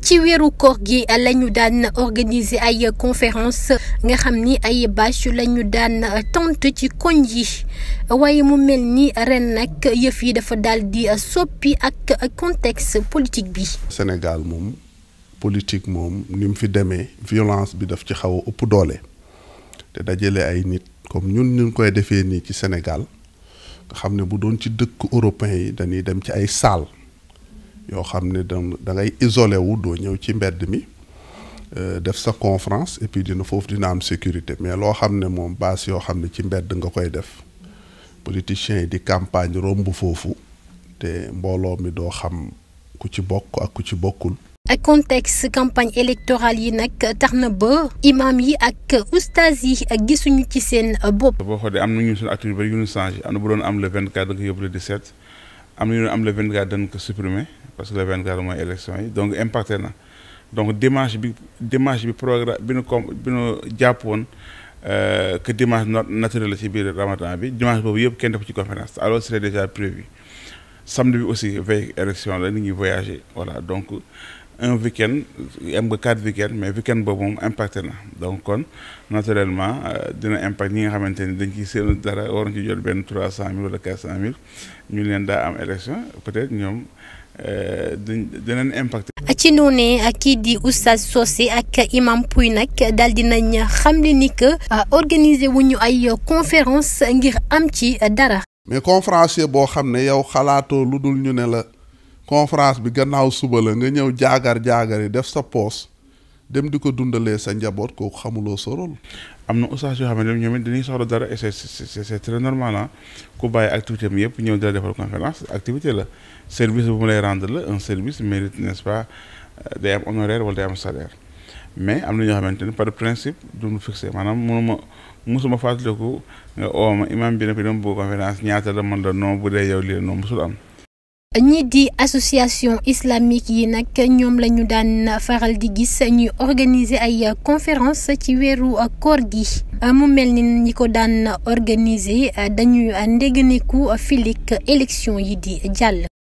ci weeru koor gi la ñu daan organiser ay conférence nga xam ni ay bâche la ñu daan tonte ci koñ yi waaye mu mel ni ren nag yëf yi dafa daal di soppi ak contexte politique bi. Sénégal moom politique moom ni fi demee violence bi daf ci xaw ëpp doole te dajale ay nit comme ñun ñu koy defee nii ci Sénégal nga xam ne bu doon ci dëkk européen yi dañuy dem ci ay salle. yoo xam ne da ngay isolé wu doo ñëw ci mbedd mi euh, def sa confrance et puis dina foofu dina am sécurité mais loo xam ne moom base yoo xam ne ci mbedd nga koy def politiciens yi di campagne romb foofu te mbooloo mi doo xam ku ci bokk ak ku ci bokkul. ak contexte campagne électorale yi nak tax na ba imam yi ak oustaz yi ak gisuñu ci seen bopp. boo xoolee am nañu suñu activité yu bëri yu ñu changé am na bu doon am le 24 da nga yóbbu le 17. am na ñu am le 24 dañ ko supprimer parce que le 24 mooy élection yi donc impacté na donc dimanche bi dimanche bi programme bi nu com bi nu jàpp woon euh, que dimanche naturel la ci biir ramadan bi dimanche boobu yëpp kenn def ci conférence alors c'est déjà prévu samedi bi aussi veille élection la nit ñi voyager voilà donc un week-end am nga quatre week-end mais week-end moom impacté na donc kon naturellement euh, dina impact ñi nga xamante ni dañ ciy seen dara waroon ci jot benn trois cent mille wala quatre cent mille ñu leen daa am élection peut-être ñoom euh, dañ dinañ impacté. ci noonee ak kii di oustaz Socé ak imam Pouy nag daal di nañ xamle ni que euh, organiser wu ñu ay conférence ngir am ci dara. mais conférencier boo xam ne yow xalaatoo lu dul ñu ne la. conférence bi gannaaw suba la nga ñëw jaagar jaagar yi def sa poos dem di ko dundalee sa njaboot kooku xamuloo sa rôle. am na ustaas yoo xam ne ñoom it dañuy soxla dara et c'est c'est très normal ah ku bàyyi activité yëpp ñëw dara defal conférence activité la service bu mu lay rendre la un service mérite n'est-ce pas euh, day am honoraire wala day am salaire mais am na ñoo xamante ne par principe duñu fixé maanaam mënuma mosuma fàttaliku nga ooma imam bi ne ko dama bëgg conférence ñaata la mën la non bu dee yow lii non mosul am. ñi di association islamique yi nag ñoom la ñu daan faral di gis ñuy organiser ay conférence ci weeru koor gi mu mel ni ñi ko daan organiser dañuy ndégganiku filig élection yi di jàll